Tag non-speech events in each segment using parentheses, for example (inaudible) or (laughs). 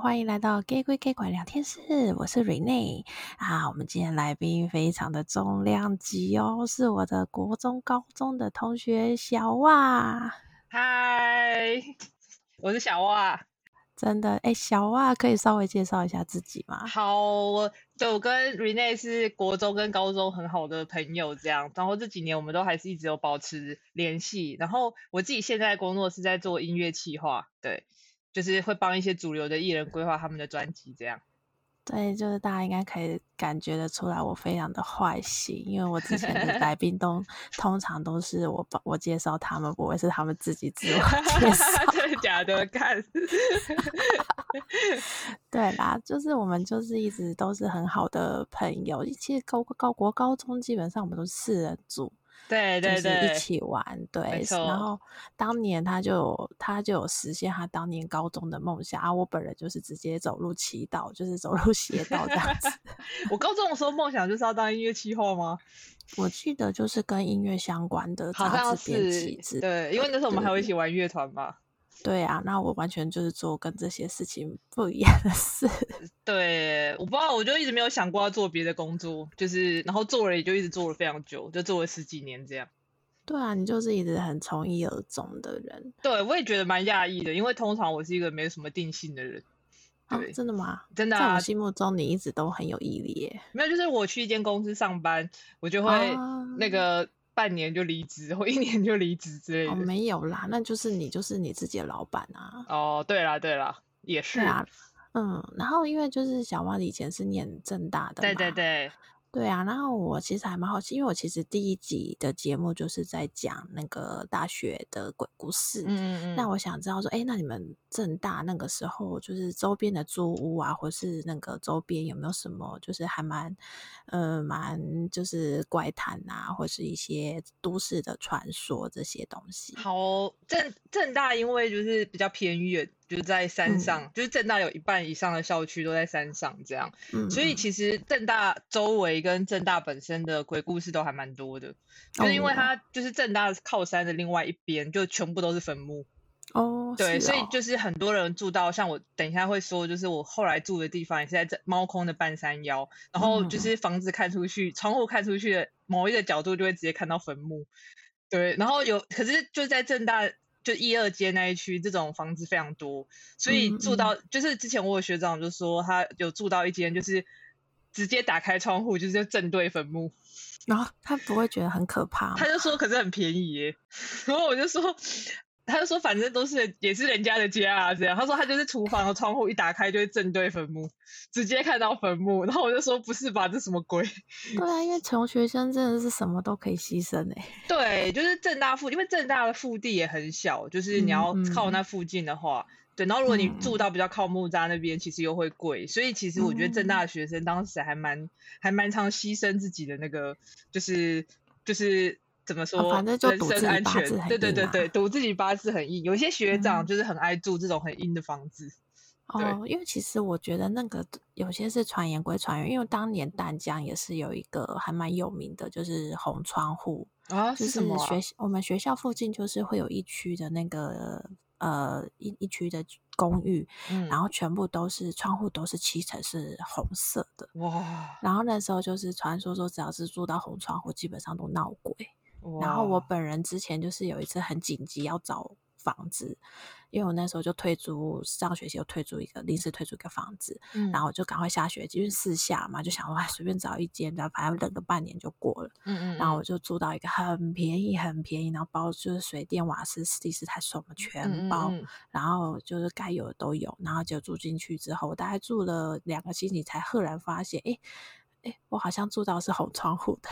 歡迎來到假鬼假怪聊天室，我是 Rene 啊。我們今天來賓非常的重量級哦，是我的國中、高中的同學小襪。嗨，我是小襪。真的，哎、欸，小襪可以稍微介紹一下自己嗎？好，我，我跟 Rene 是國中跟高中很好的朋友，這樣。然後這幾年我們都還是一直有保持聯繫。然後我自己現在工作的是在做音樂企劃，對。就是會幫一些主流的藝人規劃他們的專輯，這樣。對，就是大家應該可以感覺得出來，我非常的壞心，因為我之前的來賓都 (laughs) 通常都是我把我介紹他們，不會是他們自己自我介紹。 (laughs) (laughs) (laughs) 真的假的？看 (laughs) (laughs) 。對啦，就是我們就是一直都是很好的朋友。其實高高國高、高中基本上我們都是四人組。對對對，就是、一起玩。對，然後當年他就有他就有實現他當年高中的夢想而、啊、我本人就是直接走入歧道，就是走入邪道這樣子。 (laughs) 我高中的時候夢想就是要當音樂企劃嗎？我記得就是跟音樂相關的雜誌編輯，好像是對，因為那時候我們還會一起玩樂團嘛。對對對對啊，那我完全就是做跟這些事情不一樣的事。對，我不知道，我就一直沒有想過要做別的工作，就是然後做了也就一直做了非常久，就做了十幾年這樣。對啊，你就是一直很從一而終的人。對，我也覺得蠻訝異的，因為通常我是一個沒有什麼定性的人。哦、真的嗎？真的，啊，在我心目中你一直都很有毅力。沒有，就是我去一間公司上班，我就會、哦、那個。半年就離職或一年就離職之類的，哦，沒有啦，那就是你就是你自己的老闆啊。哦，對啦，對啦，也是啊，嗯，然後因為就是小襪以前是念政大的嘛，對對對。對啊，然後我其實還蠻好奇，因為我其實第一集的節目就是在講那個大學的鬼故事。嗯，嗯，那我想知道說，哎、欸，那你們政大那個時候，就是周邊的租屋啊，或是那個周邊有沒有什麼，就是還蠻，呃，蠻就是怪談啊，或是一些都市的傳說這些東西？好，政政大因為就是比較偏遠。就在山上，嗯、就是政大有一半以上的校區都在山上，這樣、嗯，所以其實政大周圍跟政大本身的鬼故事都還蠻多的、嗯，就是因為它就是政大靠山的另外一邊，就全部都是墳墓。哦，對、啊，所以就是很多人住到像我等一下會說，就是我後來住的地方也是在貓空的半山腰，然後就是房子看出去，嗯、窗戶看出去的某一個角度就會直接看到墳墓。對，然後有可是就在政大。就一二街那一區，這種房子非常多，所以住到嗯嗯，就是之前我有學長就說他有住到一間，就是直接打開窗戶就是要正對墳墓，然、啊、後他不會覺得很可怕、啊，他就說可是很便宜、欸，然後我就說。他就說，反正都是也是人家的家這樣。他說他就是廚房的窗戶一打開，就會正對墳墓，直接看到墳墓。然後我就說，不是吧，這是什麼鬼？對啊，因為窮學生真的是什麼都可以犧牲哎、欸。對，就是政大附，因為政大的腹地也很小，就是你要靠那附近的話，嗯嗯對。然後如果你住到比較靠木柵那邊、嗯，其實又會貴。所以其實我覺得政大的學生當時還蠻、嗯、還蠻常犧牲自己的那個，就是就是。怎麼說安全、啊？反正就賭自己八字很硬對，對對對對，賭自己八字很硬。有些學長就是很愛住這種很硬的房子、嗯。哦，因為其實我覺得那個有些是傳言歸傳言，因為當年淡江也是有一個還蠻有名的，就是紅窗戶就、啊、是什麼、啊就是、學校？我們學校附近就是會有一區的那個呃一一區的公寓、嗯，然後全部都是窗戶都是漆成是紅色的，哇。然後那時候就是傳說說，只要是住到紅窗戶，基本上都鬧鬼。然後我本人之前就是有一次很緊急要找房子，因為我那時候就退租，上學期又退租一個，臨時退租一個房子，嗯、然後我就趕快下學期去試下嘛，就想哇，隨便找一間，然後反正等個半年就過了，嗯嗯嗯。然後我就租到一個很便宜很便宜，然後包就是水電瓦斯、第四台什麼全包，嗯嗯，然後就是該有的都有。然後就住進去之後，我大概住了兩個星期，才赫然發現，哎、欸、哎、欸，我好像住到是紅窗戶的。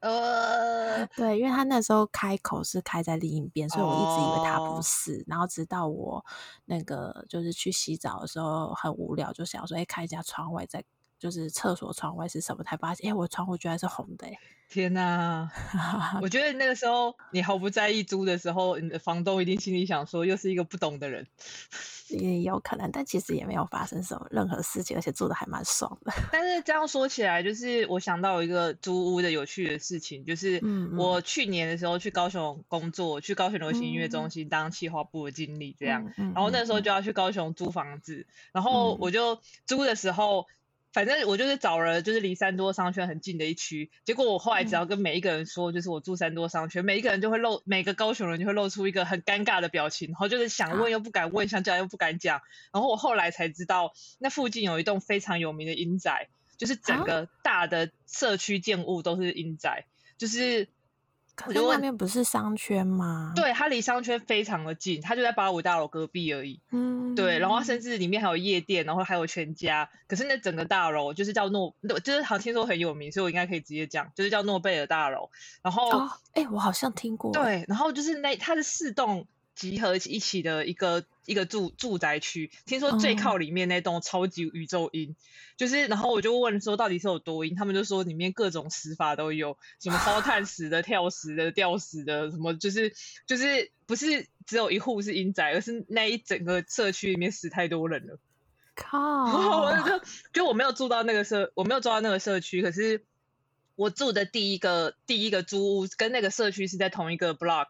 呃、uh...，對，因為他那時候開口是開在另一邊，所以我一直以為他不是，oh... 然後直到我那個就是去洗澡的時候很無聊，就想說，誒、欸，開一下窗外再。就是廁所窗外是什麼？才發現，哎、欸，我窗戶居然是紅的！天哪、啊！ (laughs) 我覺得那個時候你毫不在意租的時候，你的房東一定心裡想說，又是一個不懂的人，也有可能。但其實也沒有發生什麼任何事情，而且住的還蠻爽的。但是這樣說起來，就是我想到有一個租屋的有趣的事情，就是我去年的時候去高雄工作，去高雄流行音樂中心當企劃部的經理，這樣。然後那時候就要去高雄租房子，然後我就租的時候。反正我就是找了，就是離三多商圈很近的一區。結果我後來只要跟每一個人說、嗯，就是我住三多商圈，每一個人就會露，每個高雄人就會露出一個很尷尬的表情，然後就是想問又不敢問，想、啊、講又不敢講。然後我後來才知道，那附近有一棟非常有名的陰宅，就是整個大的社區建物都是陰宅，就是。可是那邊不是商圈嗎？對，它離商圈非常的近，它就在八五大樓隔壁而已。嗯，對，然後甚至裡面還有夜店，然後還有全家。可是那整個大樓就是叫諾，就是好像聽說很有名，所以我應該可以直接講，就是叫諾貝爾大樓。然後，哎，哦，欸，我好像聽過。對，然後就是那它的四棟。集合一起的一個一個住住宅區，聽說最靠裡面那棟超級宇宙陰、oh. 就是然後我就問說到底是有多陰，他們就說裡面各種死法都有，什麼燒炭死的、跳死的、吊死的，什麼就是就是不是只有一戶是陰宅，而是那一整個社區裡面死太多人了。靠、oh. oh,！我就就我沒有住到那個社，我沒有住到那個社區，可是我住的第一個第一個租屋跟那個社區是在同一個 block。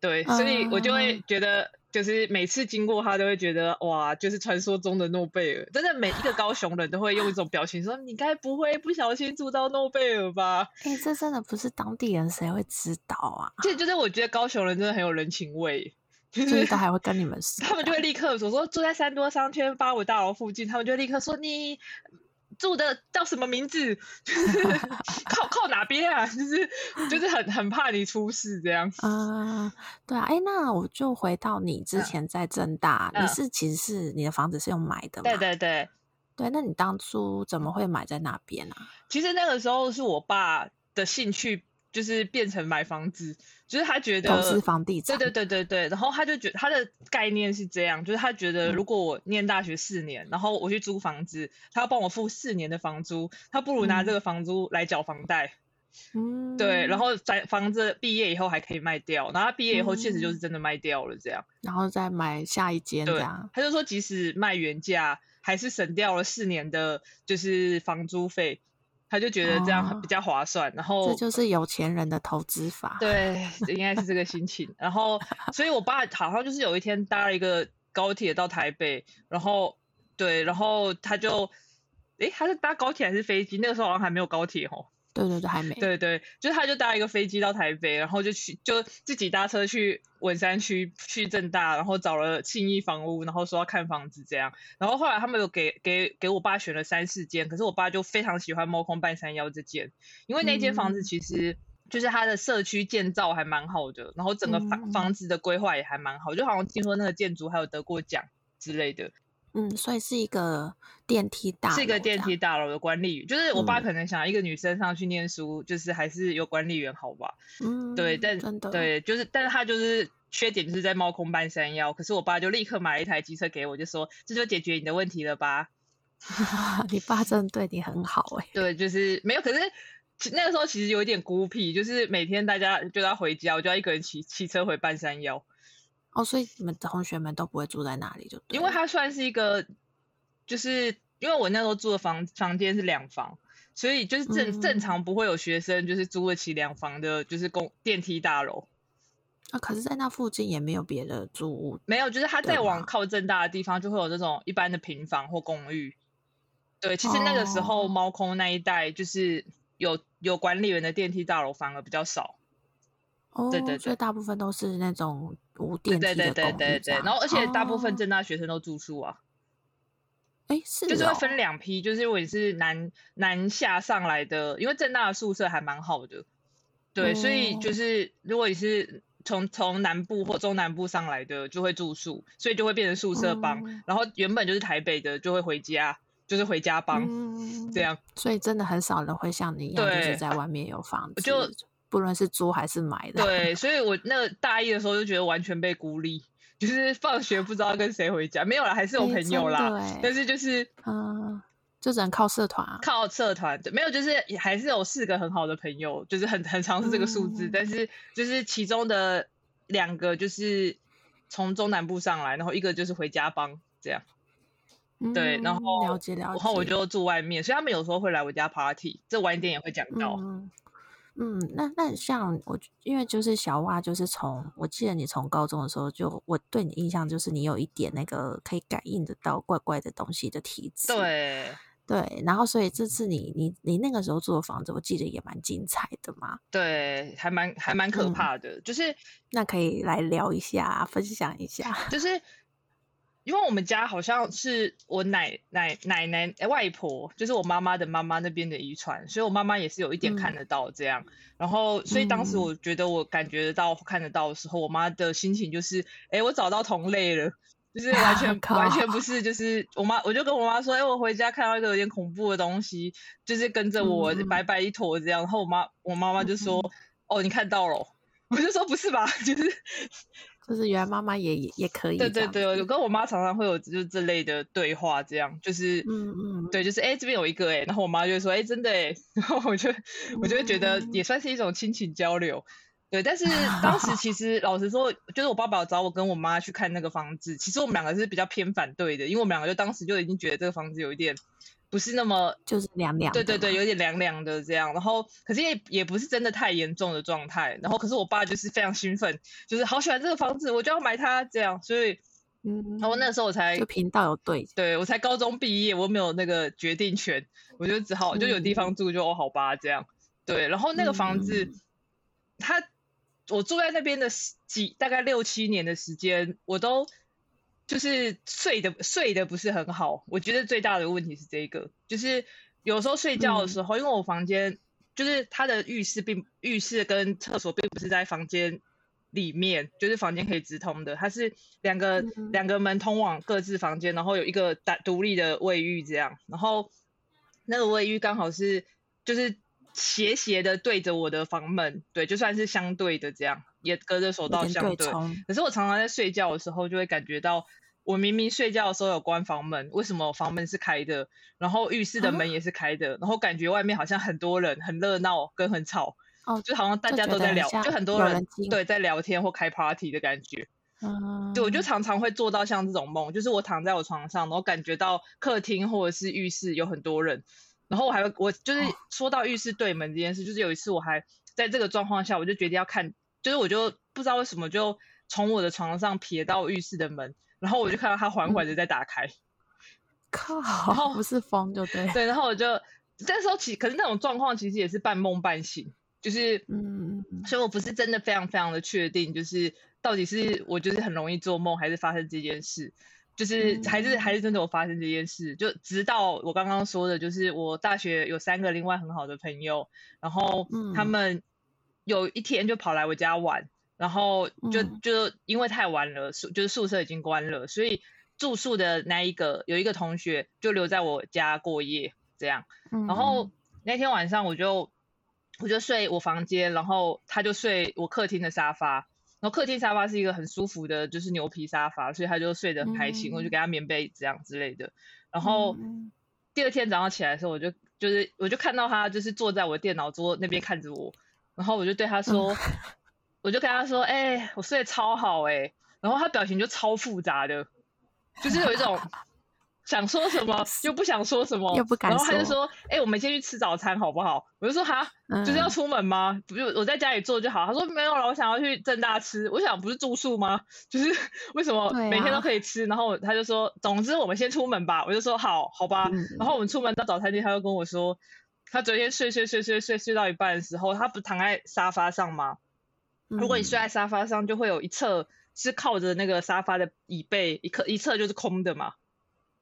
對，所以我就會覺得，嗯、就是每次經過他，都會覺得哇，就是傳說中的諾貝爾。真的每一個高雄人都會用一種表情說：“啊、你該不會不小心住到諾貝爾吧？”哎、欸，這真的不是當地人，誰會知道啊？這、就是、就是我覺得高雄人真的很有人情味，就是、真的他還會跟你們說。他們就會立刻說：“說住在三多商圈八五大樓附近，他們就會立刻說你。”住的叫什麼名字？就是、靠 (laughs) 靠哪邊啊？就是就是很很怕你出事這樣子啊、呃。對啊，哎、欸，那我就回到你之前在政大、呃，你是其實是你的房子是用買的嘛？對對對對，那你當初怎麼會買在那邊啊？其實那個時候是我爸的興趣。就是變成買房子，就是他覺得投資房地產，對對對對對。然後他就覺得他的概念是這樣，就是他覺得如果我念大學四年，嗯，然後我去租房子，他要幫我付四年的房租，他不如拿這個房租來繳房貸，嗯，對，然後在房子畢業以後還可以賣掉，然後他畢業以後確實就是真的賣掉了這樣，嗯，然後再買下一間這樣。對，他就說即使賣原價，還是省掉了四年的就是房租費。他就覺得這樣比較划算，哦、然後這就是有錢人的投資法。對，應該是這個心情。 (laughs) 然後，所以我爸好像就是有一天搭了一個高鐵到台北，然後對，然後他就，誒，他是搭高鐵還是飛機？那個時候好像還沒有高鐵哦。對對對，還沒。對對,對，就是他，就搭一個飛機到台北，然後就去，就自己搭車去文山區去政大，然後找了慶義房屋，然後說要看房子這樣。然後後來他們有給給給我爸選了三四間，可是我爸就非常喜歡貓空半山腰這間，因為那間房子其實就是它的社區建造還蠻好的，然後整個房房子的規劃也還蠻好、嗯，就好像聽說那個建築還有得過獎之類的。嗯，所以是一個電梯大樓，是一個電梯大樓的管理員，就是我爸可能想要一個女生上去念書，嗯、就是還是有管理員好吧？嗯，對，但對，就是但是他就是缺點就是在貓空半山腰，可是我爸就立刻買了一台機車給我，就說這就解決你的問題了吧？ (laughs) 你爸真的對你很好哎、欸，對，就是沒有，可是那個時候其實有點孤僻，就是每天大家就要回家，我就要一個人騎騎車回半山腰。哦，所以你們同學們都不會住在那裡就對？就因為它算是一個，就是因為我那時候住的房房間是兩房，所以就是正、嗯、正常不會有學生就是租得起兩房的，就是公電梯大樓。啊，可是，在那附近也沒有別的住屋，嗯，沒有，就是他再往靠政大的地方，就會有那種一般的平房或公寓。對，其實那個時候貓空那一帶就是有，哦，有管理員的電梯大樓反而比較少。哦，對對對，所以大部分都是那種。對對對對對，然後而且大部分政大學生都住宿啊，哎、哦、是，就是會分兩批，就是因為你是南南下上來的，因為政大的宿舍還蠻好的，對、哦，所以就是如果你是從從南部或中南部上來的，就會住宿，所以就會變成宿舍幫、嗯，然後原本就是台北的就會回家，就是回家幫、嗯、這樣，所以真的很少人會像你一樣就是在外面有房子，就不論是租還是買的，對，所以我那個大一的時候就覺得完全被孤立， (laughs) 就是放學不知道跟誰回家，沒有啦，還是有朋友啦、欸，但是就是啊、嗯，就只能靠社團、啊，靠社團，對，沒有，就是還是有四個很好的朋友，就是很很常是這個數字、嗯，但是就是其中的兩個就是從中南部上來，然後一個就是回家幫這樣、嗯，對，然後了解了解，然後我就住外面，所以他們有時候會來我家 party，這晚一點也會講到。嗯嗯，那那像我，因為就是小襪，就是從我記得你從高中的時候就，我對你印象就是你有一點那個可以感應得到怪怪的東西的體質。對對，然後所以這次你你你那個時候住的房子，我記得也蠻精彩的嘛。對，還蠻還蠻可怕的，嗯、就是那可以來聊一下，分享一下，就是。因為我們家好像是我奶奶奶奶，誒外婆，就是我媽媽的媽媽那邊的遺傳，所以我媽媽也是有一點看得到這樣。然後，所以當時我覺得我感覺到看得到的時候，我媽的心情就是，哎，我找到同類了，就是完全完全不是，就是我媽，我就跟我媽說，哎，我回家看到一個有點恐怖的東西，就是跟着我就白白一坨這樣。然後我媽我媽媽就說，哦，你看到了？我就說不是吧，就是。就是原來媽媽也也也可以。對對對，我跟我媽常常會有就是這類的對話，這樣就是嗯嗯，對，就是哎、欸、這邊有一個哎、欸，然後我媽就會說哎、欸、真的哎、欸，然後我就、嗯、我就會覺得也算是一種親情交流，對。但是當時其實、嗯、老實說，就是我爸爸有找我跟我媽去看那個房子，其實我們兩個是比較偏反對的，因為我們兩個就當時就已經覺得這個房子有一點。不是那麼就是涼涼，對對對，有點涼涼的這樣。然後，可是也也不是真的太嚴重的狀態。然後，可是我爸就是非常興奮，就是好喜歡這個房子，我就要買它這樣。所以，嗯，然後那時候我才，就頻道有對，對，我才高中畢業，我沒有那個決定權，我就只好、嗯、就有地方住就好吧這樣。對，然後那個房子，他、嗯、我住在那邊的幾大概六七年的時間，我都。就是睡的睡的不是很好，我覺得最大的問題是這個，就是有時候睡覺的時候，嗯、因為我房間就是它的浴室並浴室跟廁所並不是在房間裡面，就是房間可以直通的，它是兩個兩、嗯、個門通往各自房間，然後有一個單獨立的衛浴這樣，然後那個衛浴剛好是就是斜斜的對着我的房門，對，就算是相對的這樣，也隔着手道相對，對，可是我常常在睡覺的時候就會感覺到。我明明睡覺的時候有關房門，為什麼房門是開的？然後浴室的門也是開的，啊、然後感覺外面好像很多人，很熱鬧跟很吵，哦，就好像大家都在聊，就，就很多人，人對在聊天或開 party 的感覺。嗯，對，我就常常會做到像這種夢，就是我躺在我床上，然後感覺到客廳或者是浴室有很多人，然後我還我就是說到浴室對門這件事，哦，就是有一次我還在這個狀況下，我就決定要看，就是我就不知道為什麼就從我的床上瞥到浴室的門。然後我就看到它緩緩的在打開。嗯，靠，不是風就對，對，然後我就，這時候其可是那種狀況其實也是半夢半醒，就是，嗯，所以我不是真的非常非常的確定，就是到底是我就是很容易做夢，還是發生這件事，就是還是、嗯、還是真的有發生這件事，就直到我剛剛說的，就是我大學有三個另外很好的朋友，然後他們有一天就跑來我家玩。然後就、嗯、就因為太晚了，宿就是宿舍已經關了，所以住宿的那一個有一個同學就留在我家過夜，這樣。然後那天晚上我就我就睡我房間，然後他就睡我客廳的沙發。然後客廳沙發是一個很舒服的，就是牛皮沙發，所以他就睡得很開心。嗯、我就給他棉被這樣之類的。然後第二天早上起來的時候，我就就是我就看到他就是坐在我的電腦桌那邊看着我，然後我就對他說。嗯。我就跟他說：“哎、欸，我睡得超好哎、欸。”然後他表情就超複雜的，就是有一種想說什麼又 (laughs) 不想說什麼， (laughs) 又不敢。然後他就說：“哎、欸，我們先去吃早餐好不好？”我就說：“哈，就是要出門嗎？不、嗯，我在家裡做就好。他說：“沒有了，我想要去正大吃。”我想不是住宿嗎？就是為什麼每天都可以吃？啊、然後他就說：“總之我們先出門吧。”我就說：“好，好吧。嗯”然後我們出門到早餐店，他就跟我說：“他昨天睡睡睡睡睡睡，睡，睡，睡，睡到一半的時候，他不躺在沙發上嗎？”如果你睡在沙發上，就會有一側是靠着那個沙發的椅背，一側一側就是空的嘛，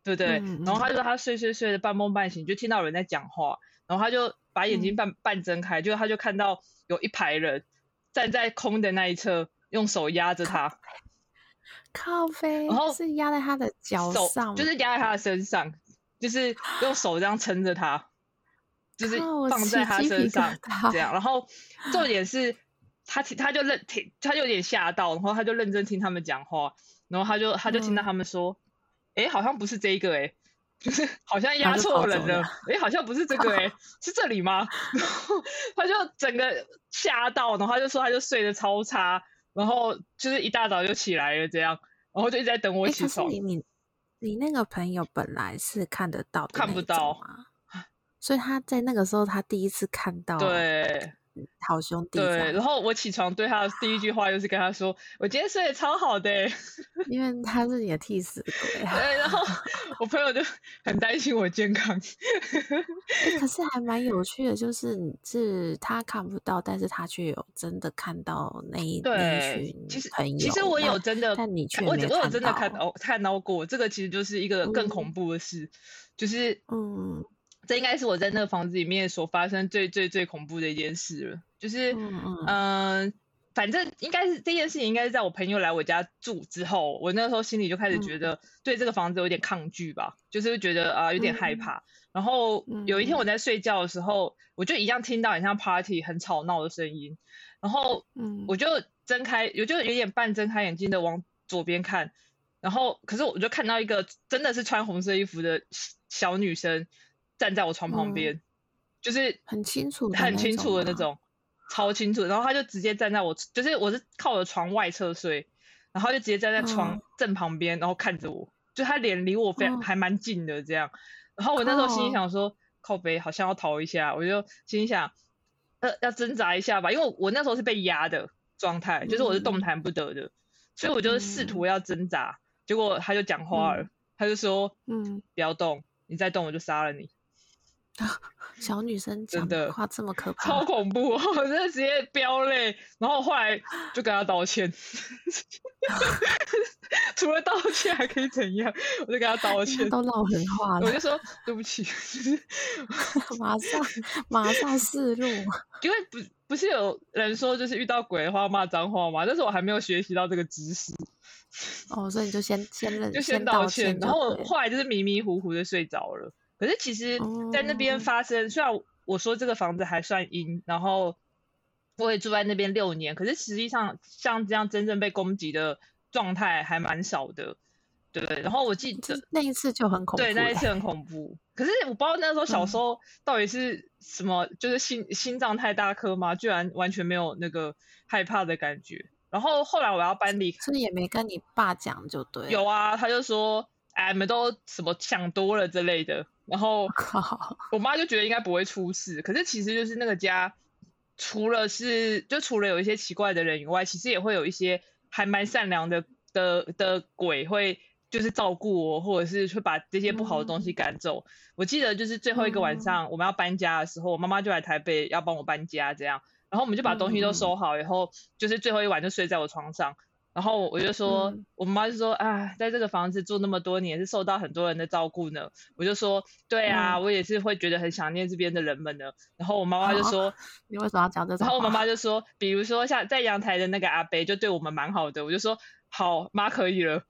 對不對？嗯嗯、然後他就說他睡睡睡，睡的半夢半醒，就聽到有人在講話，然後他就把眼睛半、嗯、半睜開，就他就看到有一排人站在空的那一側，用手壓着他，靠背，然後是壓在他的腳上手，就是壓在他的身上，就是用手這樣撐着他，就是放在他身上這樣。然後重點是。啊他聽，他就認聽，他就有點嚇到，然後他就認真聽他們講話，然後他就他就聽到他們說，哎、嗯欸欸就是欸，好像不是這個哎、欸，就是好像壓錯人了，哎，好像不是這個哎，是這裡嗎？然後他就整個嚇到，然後他就說他就睡得超差，然後就是一大早就起來了這樣，然後就一直在等我起床。欸、你你那個朋友本來是看得到的，看不到 (laughs) 所以他在那個時候他第一次看到。對。好兄弟。對，然後我起床對他的 (laughs) 第一句話就是跟他說：“我今天睡得超好的、欸。 (laughs) ”因為他是你的替死鬼、啊。 (laughs) 對，然後我朋友就很擔心我健康。 (laughs) 欸、可是還蠻有趣的，就是是他看不到，但是他卻有真的看到那一，那一群朋友。其實，其實我有真的，但你卻沒看到、欸、我我有真的看到看到過，這個其實就是一個更恐怖的事，嗯、就是嗯。這應該是我在那個房子裡面所發生最最最最恐怖的一件事了，就是，嗯，反正應該是這件事情應該是在我朋友來我家住之後，我那時候心裡就開始覺得對這個房子有點抗拒吧，就是覺得啊有點害怕。然後有一天我在睡覺的時候，我就一樣聽到很像 party 很吵鬧的聲音，然後我就睜開，我就有點半睜開眼睛的往左邊看，然後可是我就看到一個真的是穿紅色衣服的小女生，站在我床旁邊、嗯，就是很清楚、很清楚的那種，清那種超清楚。然後他就直接站在我，就是我是靠我的床外側睡，然後就直接站在床正旁邊、嗯，然後看着我，就他臉離我非常、嗯、還蠻近的這樣。然後我那時候心裡想說，靠北好像要逃一下，我就心裡想，呃，要掙扎一下吧，因為我我那時候是被壓的狀態、嗯，就是我是動彈不得的，所以我就試圖要掙扎、嗯，結果他就講話了、嗯，他就說，嗯，不要動，你再動我就殺了你。小女生講的話這麼可怕，超恐怖、哦！我真的直接飆淚，然後後來就跟他道歉。 (laughs) (laughs) 除了道歉還可以怎樣？我就跟他道歉，都撂狠話了。我就說對不起。就 (laughs) 是馬上，馬上示弱。因為不不是有人說就是遇到鬼的話罵髒話嗎？但是我還沒有學習到這個知識。哦，所以你就先先認，就先道歉，然後我後來就是迷迷糊糊，糊的睡着了。可是其實，在那邊發生、嗯，雖然我說這個房子還算陰，然後我也住在那邊六年，可是實際上像這樣真正被攻擊的狀態還蠻少的，對。然後我記得那一次就很恐怖，對，那一次很恐怖、嗯。可是我不知道那時候小時候到底是什麼，就是心、嗯、心臟太大顆嗎？居然完全沒有那個害怕的感覺。然後後來我要搬離開，所以也沒跟你爸講，就對。有啊，他就說哎，你們都什麼想多了之類的。然後，我媽就覺得應該不會出事。可是其實，就是那個家，除了是，就除了有一些奇怪的人以外，其實也會有一些還蠻善良的的的鬼，會就是照顧我，或者是會把這些不好的東西趕走。我記得就是最後一個晚上，我們要搬家的時候，我媽媽就來台北要幫我搬家，這樣，然後我們就把東西都收好，以後，就是最後一晚就睡在我床上。然後我就說，嗯、我媽就說：“啊，在這個房子住那麼多年，是受到很多人的照顧呢。”我就說：“對啊、嗯，我也是會覺得很想念這邊的人們呢。”然後我媽媽就說、哦：“你為什麼要講這種？”然後我媽媽就說：“比如說像在陽台的那個阿伯，就對我們蠻好的。”我就說：“好，媽可以了。”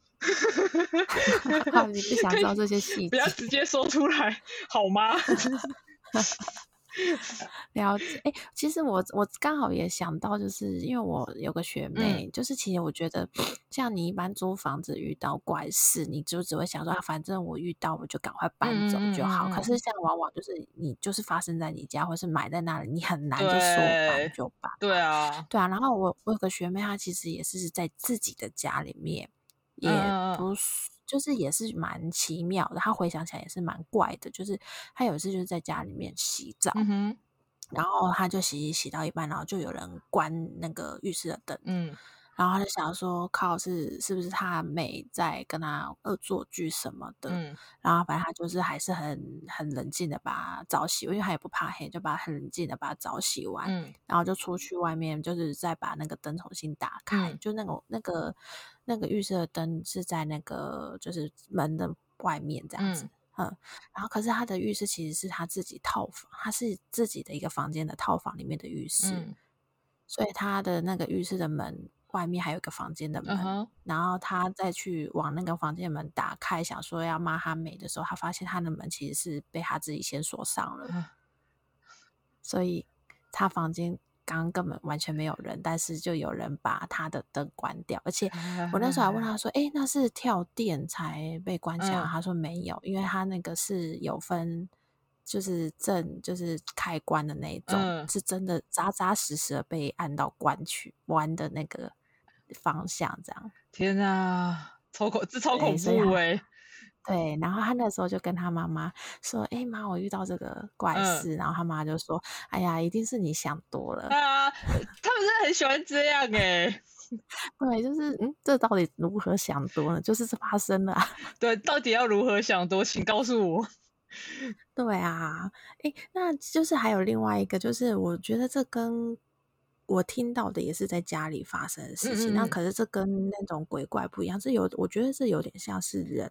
啊，你不想知道這些細節？不要直接說出來，好嗎？ (laughs) (laughs) 了解，哎、欸，其實我我剛好也想到，就是因為我有個學妹、嗯，就是其實我覺得，像你一般租房子，遇到怪事，你就只會想說，啊、反正我遇到我就趕快搬走就好、嗯。可是像往往就是你就是發生在你家，嗯、或是買在那裡，你很難就說搬就搬。對啊，對啊。然後我我有個學妹，她其實也是在自己的家裡面，也不。嗯就是也是蠻奇妙的，他回想起來也是蠻怪的。就是他有一次就是在家裡面洗澡，嗯、然後他就洗洗到一半，然後就有人關那個浴室的燈，嗯，然後他就想說靠，靠，是是不是他妹在跟他惡作劇什麼的、嗯？然後反正他就是還是很很冷靜的把澡洗，因為他也不怕黑，就把他很冷靜的把澡洗完、嗯，然後就出去外面，就是再把那個燈重新打開，嗯、就那種那個。那個那個浴室的燈是在那個就是門的外面這樣子，嗯，嗯，然後可是他的浴室其實是他自己套房，他是自己的一個房間的套房裡面的浴室，嗯、所以他的那個浴室的門外面還有一個房間的門，嗯、然後他再去往那個房間的門打開，想說要罵他妹的時候，他發現他的門其實是被他自己先鎖上了，嗯、所以他房間。剛剛根本完全沒有人，但是就有人把他的燈關掉，而且我那時候還問他說：“哎、欸，那是跳電才被關起來、嗯？”他說：“沒有，因為他那個是有分，就是正就是開關的那種、嗯，是真的扎扎實實的被按到關去關的那個方向這樣。”天哪、啊，超恐，這超恐怖哎、欸！欸對，然後他那時候就跟他媽媽說：“哎、欸、媽，我遇到這個怪事。嗯”然後他媽就說：“哎呀，一定是你想多了。”啊，他們是很喜歡這樣哎。 (laughs) 對，就是嗯，這到底如何想多呢？就是這發生了、啊。對，到底要如何想多，請告訴我。 (laughs) 對啊，哎、欸，那就是還有另外一個，就是我覺得這跟。我聽到的也是在家裡發生的事情，那、嗯嗯嗯，可是這跟那種鬼怪不一樣，這有我覺得這有點像是人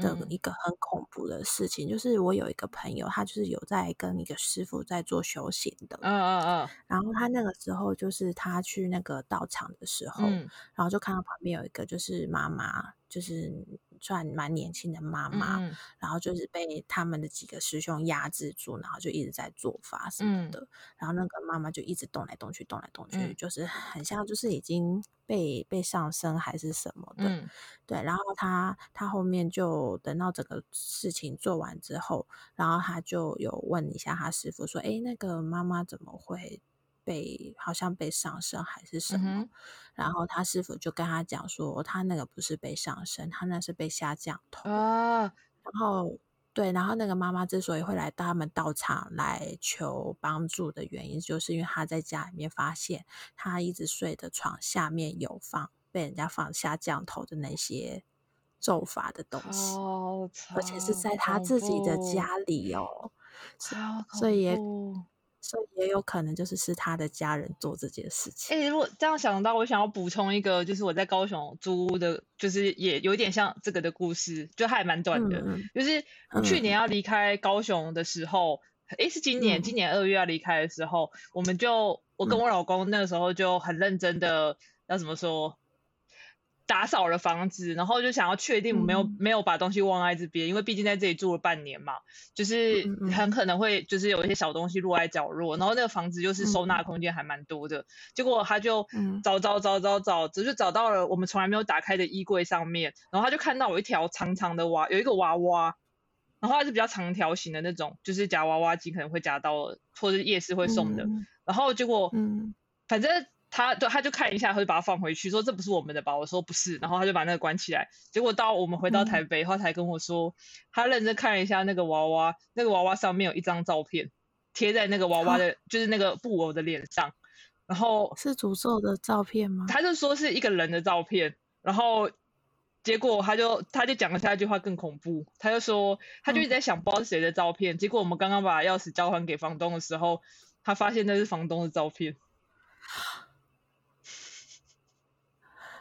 的一個很恐怖的事情。嗯嗯嗯，就是我有一個朋友，他就是有在跟一個師傅在做修行的嗯嗯嗯，然後他那個時候就是他去那個道場的時候，嗯嗯，然後就看到旁邊有一個就是媽媽。就是算蠻年輕的媽媽、嗯嗯，然後就是被他們的幾個師兄壓制住，然後就一直在做法什麼的、嗯，然後那個媽媽就一直動來動去，動來動去、嗯，就是很像就是已經被被上身還是什麼的，嗯、對。然後他他後面就等到整個事情做完之後，然後他就有問一下他師父說：“誒，那個媽媽怎麼會？”被好像被上身還是什麼，嗯、然後他師父就跟他講說、哦，他那個不是被上身，他那是被下降頭。啊、然後對，然後那個媽媽之所以會來到他們道場來求幫助的原因，就是因為他在家裡面發現他一直睡的床下面有放被人家放下降頭的那些咒法的東西超超，而且是在他自己的家裡哦，所以所以也有可能就是是他的家人做這件事情。哎、欸，如果這樣想到，我想要補充一個，就是我在高雄租的，就是也有點像這個的故事，就還蠻短的、嗯。就是去年要離開高雄的時候，哎、嗯欸，是今年，嗯、今年二月要離開的時候，我們就我跟我老公那時候就很認真的要怎麼說？打掃了房子，然後就想要確定沒有、嗯、沒有把東西忘在這邊，因為畢竟在這裡住了半年嘛，就是很可能會就是有一些小東西落在角落，然後那個房子就是收納空間還蠻多的，嗯、結果他就找找找找找，只是找到了我們從來沒有打開的衣櫃上面，然後他就看到有一條長長的娃，有一個娃娃，然後它是比較長條形的那種，就是夾娃娃機可能會夾到，或者夜市會送的，嗯、然後結果、嗯、反正。他對他就看一下，他就把它放回去，說這不是我們的吧？我說不是，然後他就把那個關起來。結果到我們回到台北，他、嗯、才跟我說，他認真看一下那個娃娃，那個娃娃上面有一張照片貼在那個娃娃的，哦、就是那個布偶的臉上。然後是詛咒的照片嗎？他就說是一個人的照片。然後結果他就他就講了下一句話更恐怖，他就說他就一直在想，不知道是誰的照片、嗯。結果我們剛剛把鑰匙交還給房東的時候，他發現那是房東的照片。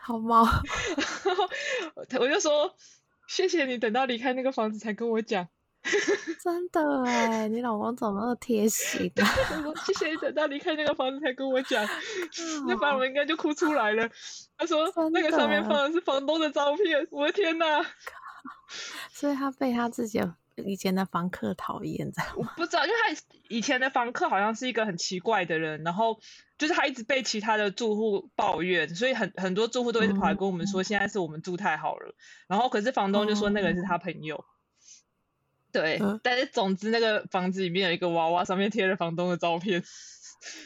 好嗎？ (laughs) 我就說，謝謝你等到離開那個房子才跟我講， (laughs) 真的哎、欸，你老公怎麼那麼貼心的 (laughs) ，謝謝你等到離開那個房子才跟我講，那 (laughs) 房我應該就哭出來了。 (laughs) 他說那個上面放的是房東的照片，我的天哪、啊！ (laughs) 所以他被他自己。以前的房客討厭，知道嗎？我不知道，因為他以前的房客好像是一個很奇怪的人，然後就是他一直被其他的住戶抱怨，所以很很多住戶都一直跑來跟我們說、嗯，現在是我們住太好了。然後可是房東就說那個人是他朋友，嗯、對、嗯。但是總之那個房子裡面有一個娃娃，上面貼了房東的照片。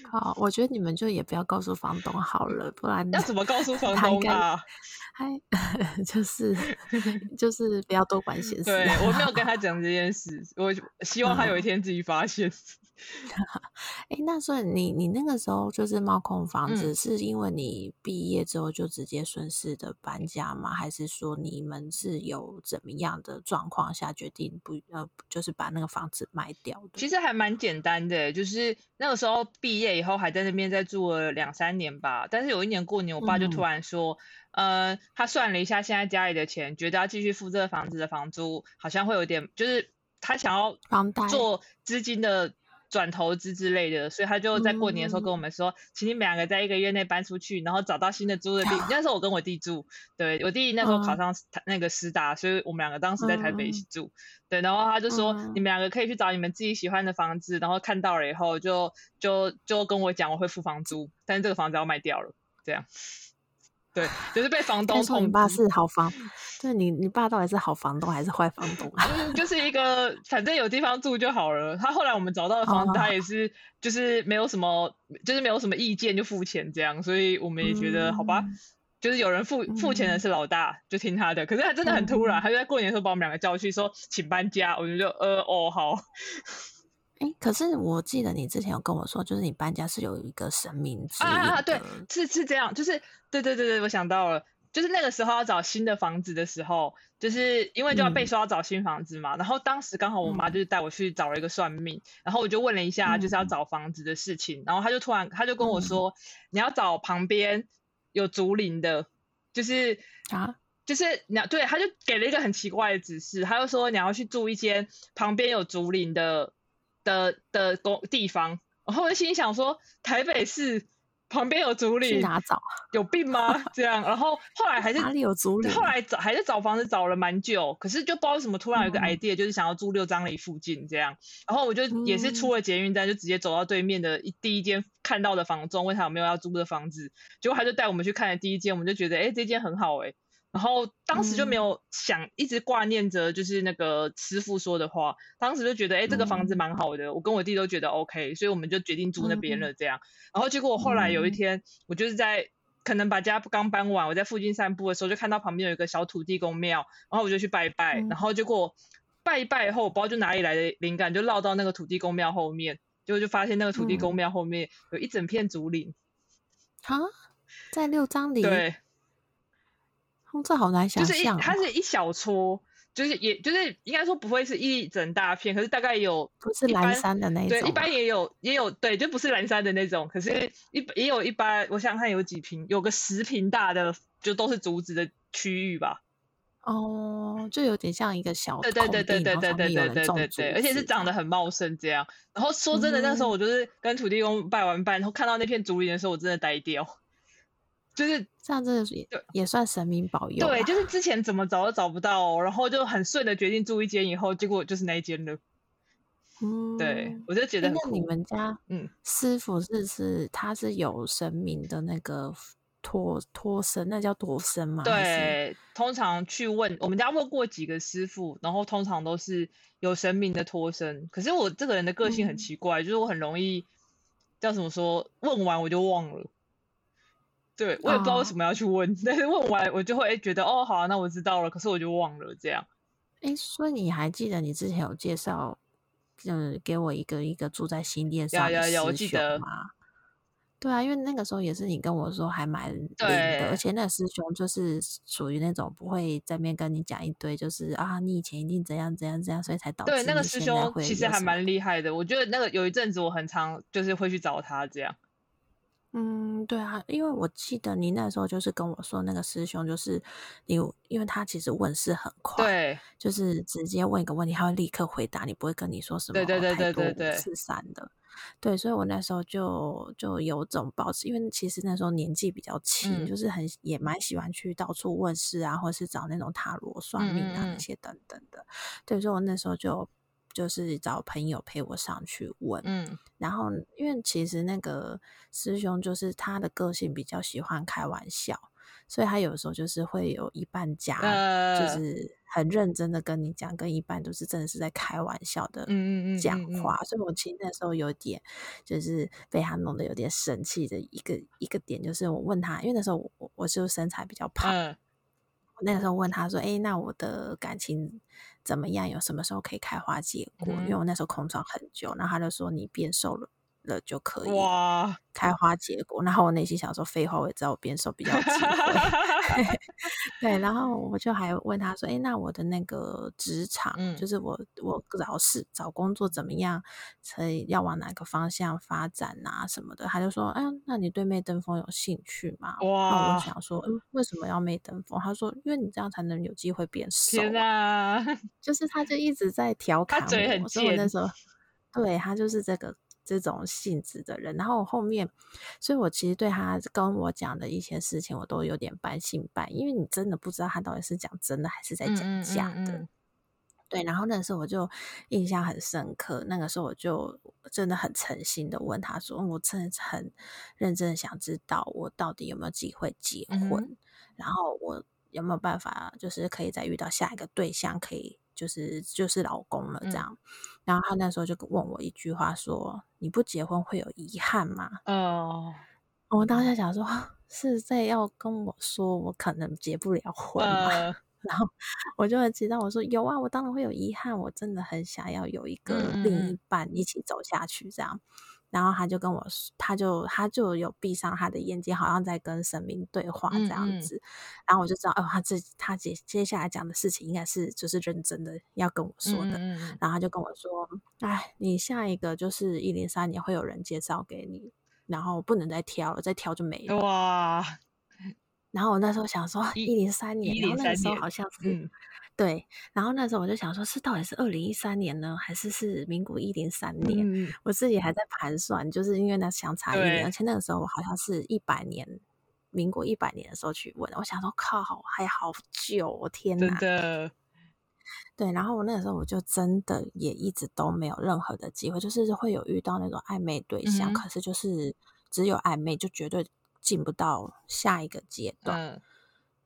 好，我覺得你們就也不要告訴房東好了，不然要怎麼告訴房東啊？還 (laughs) 就是 (laughs) 就是不要多管閒事啊。對，我沒有跟他講這件事，我希望他有一天自己發現。嗯哎、 (laughs) 欸，那所以你你那個時候就是貓空房子、嗯，是因為你畢業之後就直接順勢的搬家嗎？還是說你們是有怎麼樣的狀況下決定不呃，就是把那個房子賣掉？其實還蠻簡單的，就是那個時候畢業以後還在那邊再住了兩三年吧。但是有一年過年，我爸就突然說、嗯，呃，他算了一下現在家裡的錢，覺得要繼續付這個房子的房租，好像會有點，就是他想要房貸做資金的。轉投資之類的，所以他就在過年的時候跟我們說，嗯、請你們兩個在一個月內搬出去，然後找到新的租的地。那時候我跟我弟住，對，我弟那時候考上台那個師大，嗯、所以我們兩個當時在台北一起住。嗯、對，然後他就說，嗯、你們兩個可以去找你們自己喜歡的房子，然後看到了以後就就就跟我講，我會付房租，但是這個房子要賣掉了，這樣。對，就是被房東捅、就是、你爸是好房，就是你你爸到底是好房東還是壞房東、啊？就是一個，反正有地方住就好了。他後來我們找到的房子， (laughs) 他也是就是沒有什麼，就是沒有什麼意見，就付錢這樣。所以我們也覺得好吧，嗯、就是有人付付錢的是老大、嗯，就聽他的。可是他真的很突然、嗯，他就在過年的時候把我們兩個叫去說請搬家，我們就，就呃哦好。 (laughs) 哎、欸，可是我記得你之前有跟我說，就是你搬家是有一個神明啊，啊，啊，啊，對，是是這樣，就是對對對對，我想到了，就是那個時候要找新的房子的時候，就是因為就要被說要找新房子嘛，嗯、然後當時剛好我媽就是帶我去找了一個算命、嗯，然後我就問了一下就是要找房子的事情，嗯、然後她就突然她就跟我說，嗯、你要找旁邊有竹林的，就是啊，就是你要對，他就給了一個很奇怪的指示，他就說你要去住一間旁邊有竹林的。的的公地方，然後我就心想說，台北市旁邊有竹林，去哪找？有病嗎？ (laughs) 這樣，然後後來還是哪裡有竹林？後來找還是找房子找了蠻久，可是就不知道為什麼，突然有個 idea，、嗯、就是想要住六張犁附近這樣。然後我就也是出了捷運站，就直接走到對面的第一間看到的房仲，問他有沒有要租的房子，結果他就帶我們去看了第一間，我們就覺得，哎、欸，這間很好、欸，哎。然後當時就沒有想，一直掛念着就是那個師傅說的話、嗯。當時就覺得，哎、欸，這個房子蠻好的、嗯，我跟我弟都覺得 OK，所以我們就決定租那邊了。這樣、嗯，然後結果我後來有一天，嗯、我就是在可能把家剛搬完，我在附近散步的時候，就看到旁邊有一個小土地公廟，然後我就去拜拜、嗯。然後結果拜一拜以後，我不知道就哪裡來的靈感，就繞到那個土地公廟後面，結果就發現那個土地公廟後面有一整片竹林。嗯、啊，在六張犁。對。通、哦、制好難想、哦、就是一它是一小撮，就是也就是應該說不會是一整大片，可是大概有不是藍山的那一種，對，一般也有也有對，就不是藍山的那種，可是一,一也有一般，我想看有幾坪，有個十坪大的就都是竹子的區域吧。哦、oh,，就有點像一個小對對對對對,對對對對對對，而且是長得很茂盛這樣、嗯。然後說真的，那時候我就是跟土地公拜完拜，然後看到那片竹林的時候，我真的呆掉。就是這樣子也算神明保佑、啊。對，就是之前怎麼找都找不到、哦，然後就很順的決定住一間，以後結果就是那一間了。嗯，對我就覺得，那你們家師父是是嗯師傅，是是他是有神明的那個托托生，那叫托生嘛。對，通常去問我們家，問過幾個師傅，然後通常都是有神明的托生。可是我這個人的個性很奇怪，嗯、就是我很容易叫什麼說？問完我就忘了。對，我也不知道為什麼要去問、啊，但是問完我就會哎、欸、覺得哦好、啊，那我知道了，可是我就忘了這樣。哎、欸，所以你還記得你之前有介紹，嗯，給我一個一個住在新店上的師兄嗎、啊啊啊，記得。對啊，因為那個時候也是你跟我說還蠻對的，而且那個師兄就是屬於那種不會在面跟你講一堆，就是啊你以前一定怎樣怎樣怎樣，所以才導致。對，那個師兄其實還蠻厲害的，我覺得那個有一陣子我很常就是會去找他這樣。嗯，對啊，因為我記得你那時候就是跟我說那個師兄，就是你，因為他其實問事很快，對，就是直接問一個問題，他會立刻回答，你不會跟你說什麼，對對對對對對對，太多五四三的，對，所以我那時候就就有種保持，因為其實那時候年紀比較輕，嗯、就是很也蠻喜歡去到處問事啊，或者是找那種塔羅算命啊、嗯、那些等等的，對，所以我那時候就。就是找朋友陪我上去問，嗯，然後因為其實那個師兄就是他的個性比較喜歡開玩笑，所以他有時候就是會有一半假，就是很認真的跟你講，跟一半都是真的是在開玩笑的，講話，嗯嗯嗯嗯嗯，所以我其實那時候有點就是被他弄得有點生氣的一個一個點，就是我問他，因為那時候我是就身材比較胖，嗯、我那個時候問他說，哎、欸，那我的感情？怎麼樣？有什麼時候可以開花結果？因為我那時候空窗很久，然後他就說你變瘦了。了就可以開花結果。然後我內心想說，廢話，我也知道我變瘦比較機會。 (laughs) (laughs) 對，然後我就還問他說：“誒、欸，那我的那個職場、嗯，就是我我找事找工作怎麼樣？所以要往哪個方向發展啊？什麼的？”他就說：“哎、欸，那你對妹登峰有興趣嗎？”哇，我想說、嗯，為什麼要妹登峰？他說：“因為你這樣才能有機會變瘦、啊。”啊，就是他就一直在調侃我，所以我那時候對他就是這個。這種性質的人，然後我後面，所以我其實對他跟我講的一些事情，我都有點半信半，因為你真的不知道他到底是講真的還是在講假的。嗯嗯嗯、對，然後那個時候我就印象很深刻，那個時候我就真的很誠心的問他說：“我真的很認真的想知道，我到底有沒有機會結婚？嗯、然後我有沒有辦法，就是可以再遇到下一個對象可以？”就是就是老公了，這樣、嗯。然後他那時候就問我一句話，說：“你不結婚會有遺憾嗎？”哦，我當時想說是在要跟我說我可能結不了婚嘛。哦、然後我就很期待，我說有啊，我當然會有遺憾。我真的很想要有一個另一半一起、嗯、走下去，這樣。然後他就跟我說，他就他就有閉上他的眼睛，好像在跟神明對話這樣子。嗯、然後我就知道，哦，他這他接接下來講的事情應該是就是認真的要跟我說的。嗯、然後他就跟我說，哎、嗯，你下一個就是一零三年會有人介紹給你，然後不能再挑了，再挑就沒了。哇！然後我那時候想說一零三年一，一零三年，然後那個時候好像是。嗯對，然後那時候我就想說，是到底是二零一三年呢，還是是民國一零三年，嗯？我自己還在盤算，就是因為那相差一年。而且那個時候我好像是一百年，民國一百年的時候去問，我想說靠，還好久，哦，我天哪！真的。對，然後我那個時候我就真的也一直都沒有任何的機會，就是會有遇到那種曖昧對象，嗯，可是就是只有曖昧，就絕對進不到下一個階段。嗯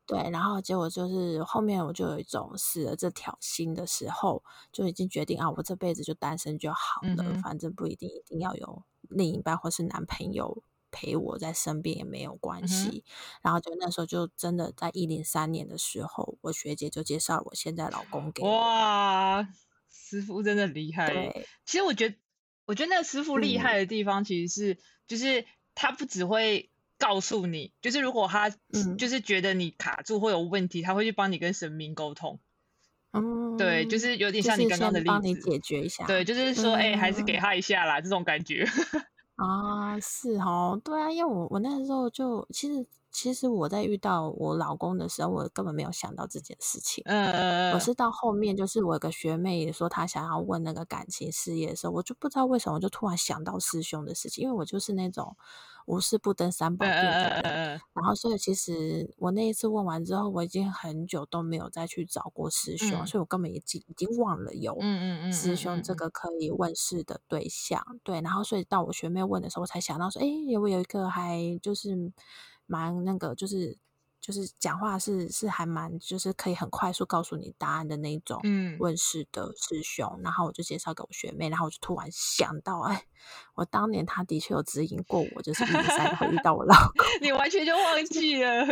對，然後結果就是後面我就有一種死了這條心的時候，就已經決定啊，我這輩子就單身就好了，嗯、反正不一定一定要有另一半或是男朋友陪我在身邊也沒有關係。嗯、然後就那時候就真的在一零三年的時候，我學姐就介紹我現在老公給我。哇，師傅真的厲害！對，其實我覺得，我覺得那個師傅厲害的地方，其實是、嗯、就是他不只會。告訴你，就是如果他就是覺得你卡住或有問題，嗯、他會去幫你跟神明溝通。哦、嗯，對，就是有點像你剛剛的例子，幫、就是、你解決一下。對，就是說，哎、欸，還是給他一下啦，嗯、這種感覺。啊，是哦，對啊，因為我我那時候就其實。其實我在遇到我老公的時候，我根本沒有想到這件事情。我是到後面，就是我一個學妹也說她想要問那個感情事業的時候，我就不知道為什麼我就突然想到師兄的事情，因為我就是那種無事不登三寶殿的人。然後，所以其實我那一次問完之後，我已經很久都沒有再去找過師兄，所以我根本已經已經忘了有師兄這個可以問事的對象。對，然後所以到我學妹問的時候，我才想到說，哎、欸，有我有一個還就是。蠻那個、就是，就是就是講話是是還蠻，就是可以很快速告訴你答案的那種，嗯，問事的師兄，嗯、然後我就介紹給我學妹，然後我就突然想到，哎、欸，我當年他的確有指引過我，就是第三會遇到我老公， (laughs) 你完全就忘記了，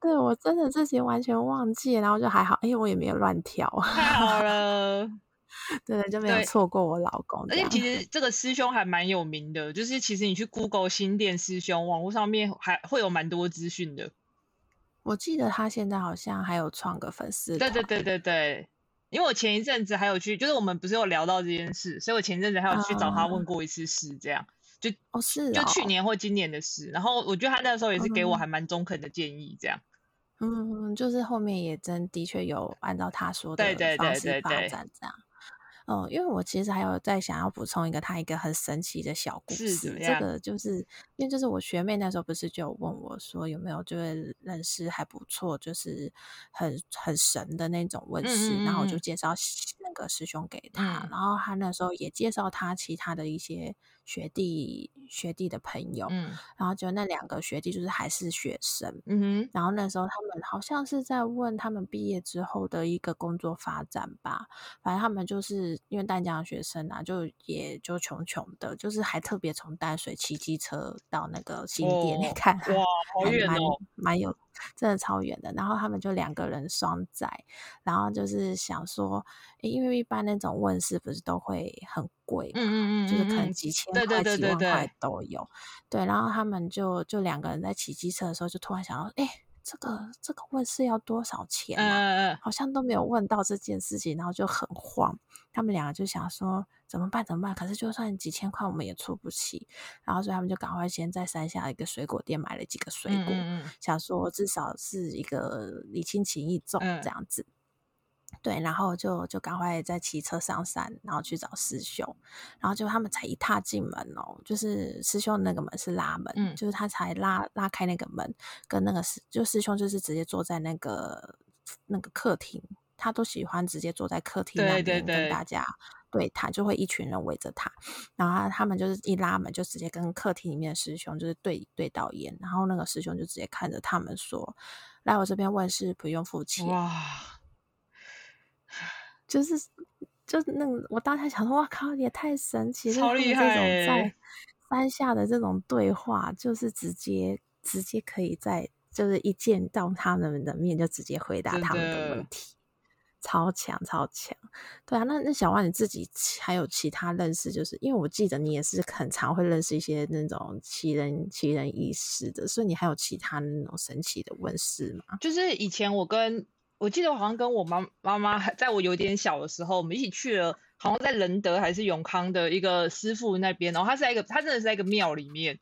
對我真的自己完全忘記，然後就還好，因、欸、為我也沒有亂跳， (laughs) 太好了。 (laughs) 對，就沒有錯過我老公。而且其實這個師兄還蠻有名的，就是其實你去 Google 新店師兄，網絡上面還會有蠻多資訊的。我記得他現在好像還有創個粉絲團。對對對對對，因為我前一陣子還有去，就是我們不是有聊到這件事，所以我前一陣子還有去找他問過一次事，這樣、嗯、就哦是，就去年或今年的事。然後我覺得他那時候也是給我還蠻中肯的建議，這樣。嗯，就是後面也真的確有按照他說的對對方式發展這樣。哦，因為我其實還有在想要補充一個他一個很神奇的小故事，這個就是因為就是我學妹那時候不是就問我說有沒有就是認識還不錯，就是很很神的那種問事，嗯嗯嗯嗯，然後我就介紹那個師兄給他，嗯，然後他那時候也介紹他其他的一些。學弟學弟的朋友，嗯，然後就那兩個學弟就是還是學生，嗯哼，然後那時候他們好像是在問他們畢業之後的一個工作發展吧，反正他們就是因為淡江學生啊，就也就窮窮的，就是還特別從淡水騎機車到那個新店，哦，你看，哇，好遠哦，嗯，蠻，蠻有。真的超遠的，然後他們就兩個人雙載，然後就是想說，因為一般那種問事不是都會很貴嘛？嗯嗯嗯，就是可能幾千塊，對對對對對，幾萬塊都有，對。然後他們就就兩個人在騎機車的時候，就突然想到，哎，這個這個問事要多少錢啊？呃，好像都沒有問到這件事情，然後就很慌。他們兩個就想說。怎麼辦？怎麼辦？可是就算幾千塊，我們也出不起。然後，所以他們就趕快先在山下一個水果店買了幾個水果，嗯、想說至少是一個禮輕情意重，嗯，這樣子。對，然後就就趕快再騎車上山，然後去找師兄。然後就他們才一踏進門哦，就是師兄那個門是拉門，嗯，就是他才拉拉開那個門，跟那個師就師兄就是直接坐在那個那個客廳，他都喜歡直接坐在客廳那邊，對對對，跟大家。對，他就會一群人圍着他，然後他們就是一拉門就直接跟客廳裡面的師兄就是對對導演，然後那個師兄就直接看着他們說：“來我這邊問事不用付錢。”就是就那那個、我當時想說，我靠，你也太神奇了！這種在山下的這種對話，就是直接直接可以在就是一見到他們的面就直接回答他們的問題。超強，超強，對啊，那那小襪你自己還有其他認識？就是因為我記得你也是很常會認識一些那種奇人奇人異事的，所以你還有其他那種神奇的聞事嗎？就是以前我跟，我記得我好像跟我媽媽媽，媽媽在我有點小的時候，我們一起去了，好像在仁德還是永康的一個師傅那邊，然後他是在一個，他真的是在一個廟裡面，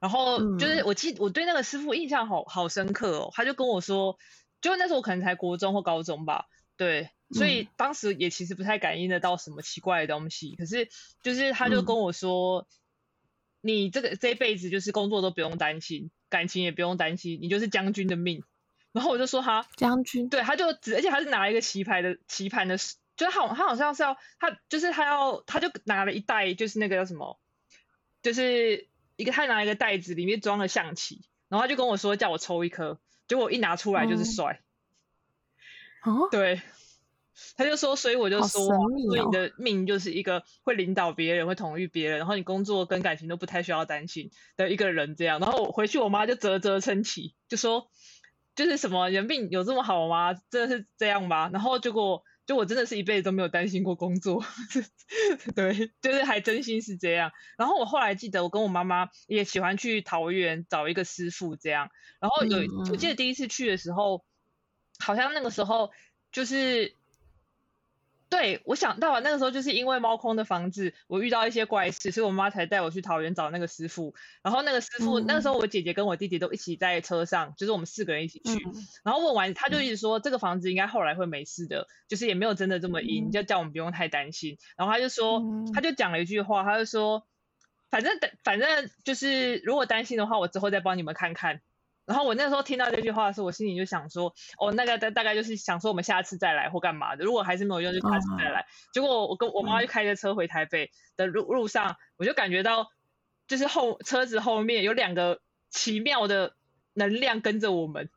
然後就是我記得我對那個師傅印象好好深刻哦，他就跟我說，就那時候我可能才國中或高中吧。對，所以當時也其實不太感應得到什麼奇怪的東西，嗯、可是就是他就跟我說，嗯、你這個這輩子就是工作都不用擔心，感情也不用擔心，你就是將軍的命。然後我就說他，他將軍？對，他就只而且他是拿了一個棋盤的棋盤的，就是好他好像是要他就是他要他就拿了一袋，就是那個叫什麼，就是一個他拿了一個袋子裡面裝了象棋，然後他就跟我說叫我抽一顆，結果一拿出來就是帥。嗯 Huh? 對，他就說，所以我就說，哦、說你的命就是一個會領導別人，會統御別人，然後你工作跟感情都不太需要擔心的一個人，這樣。然後我回去，我媽就嘖嘖稱奇，就說，就是什麼人命有這麼好嗎？真的是這樣嗎？然後結果，就我真的是一輩子都沒有擔心過工作， (laughs) 對，就是還真心是這樣。然後我後來記得，我跟我媽媽也喜歡去桃園找一個師傅，這樣。然後有、嗯嗯，我記得第一次去的時候。好像那個時候就是，對我想到了那個時候，就是因為貓空的房子，我遇到一些怪事，所以我媽才帶我去桃園找那個師傅。然後那個師傅那個時候，我姐姐跟我弟弟都一起在車上，就是我們四個人一起去。然後問完，他就一直說這個房子應該後來會沒事的，就是也沒有真的這麼陰，就叫我們不用太擔心。然後他就說，他就講了一句話，他就說，反正等，反正就是如果擔心的話，我之後再幫你們看看。然後我那時候聽到這句話的時候，我心裡就想說：“哦，那個大大概就是想說我們下次再來或幹嘛的。如果還是沒有用，就下次再來。”Uh-huh. 結果我跟我媽就開着車回台北的路路上，Uh-huh. 我就感覺到，就是後車子後面有兩個奇妙的能量跟着我們。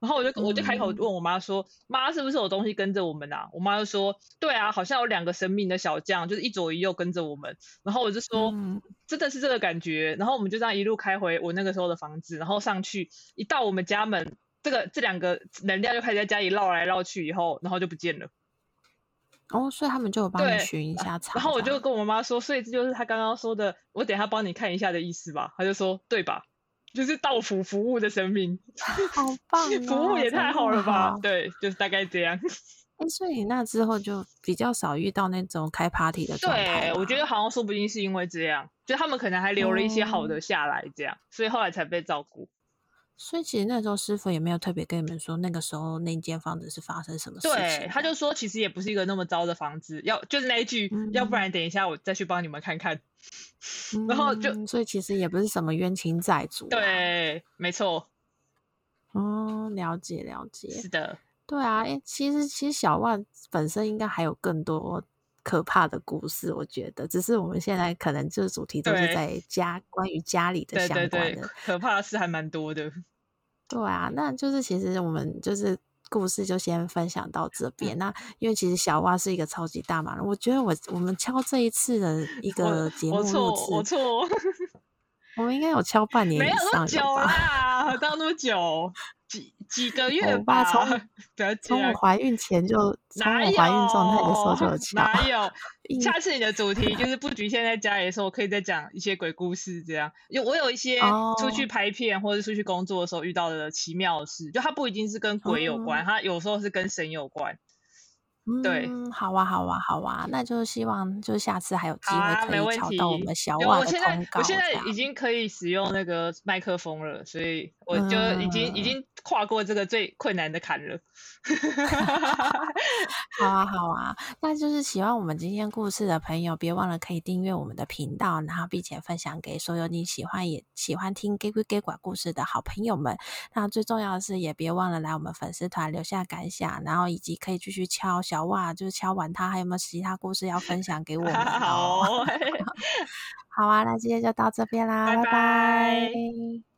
然後我就、嗯、我就開口問我媽說：“媽，是不是有東西跟着我們啊？”我媽就說：“對啊，好像有兩個神秘的小將，就是一左一右跟着我們。”然後我就說、嗯：“真的是這個感覺。”然後我們就這樣一路開回我那個時候的房子，然後上去，一到我們家門，這個這兩個能量就開始在家裡繞來繞去，以後然後就不見了。哦，所以他們就有幫你尋一下，查查，然後我就跟我媽說：“所以這就是他剛剛說的，我等下幫你看一下的意思吧？”他就說：“對吧？”就是到府服務的神明， (laughs) 好棒、啊！服務也太好了吧了、啊？對，就是大概這樣。那、嗯、所以那之後就比較少遇到那種開 party 的時候。對，我覺得好像說不定是因為這樣，就他們可能還留了一些好的下來，這樣、嗯，所以後來才被照顧。所以其實那時候師傅也沒有特別跟你們說，那個時候那間房子是發生什麼事情？對，他就說其實也不是一個那麼糟的房子，要就是那一句、嗯，要不然等一下我再去幫你們看看。嗯、然後就所以其實也不是什麼冤親債主、啊。對，沒錯。嗯、哦，了解了解。是的。對啊，哎，其實其實小萬本身應該還有更多可怕的故事，我覺得只是我們現在可能這主題都是在家關於家裡的相關的，對對對，可怕的事還蠻多的。對啊，那就是其實我們就是故事就先分享到這邊。 (laughs) 那因為其實小襪是一個超級大忙人，我覺得我我們敲這一次的一個節目我，我錯，我錯， (laughs) 我們應該有敲半年以上，沒有啊， (laughs) 到那麼久。 (laughs) 幾幾個月吧？我爸從從我懷孕前就，從我懷孕狀態的時候就有講。哪有？下次你的主題就是不局限在家裡的時候，我可以再講一些鬼故事這樣。有我有一些出去拍片或者出去工作的時候遇到的奇妙事，oh. 就它不一定是跟鬼有關，oh. 它有時候是跟神有關。嗯，對，好哇，好哇，好哇，那就是希望，就是下次還有機會可以敲到我們小襪的通告。我現在，我現在已經可以使用那個麥克風了，所以我就已經已經跨過這個最困難的坎了。好啊，好啊，那就是喜歡我們今天故事的朋友，別忘了可以訂閱我們的頻道，然後並且分享給所有你喜歡也喜歡聽假鬼假怪故事的好朋友們。那最重要的是，也別忘了來我們粉絲團留下感想，然後以及可以繼續敲。小襪，就是敲完他還有沒有其他故事要分享給我們？好， (laughs) (laughs) 好啊，那今天就到這邊啦，拜拜。Bye bye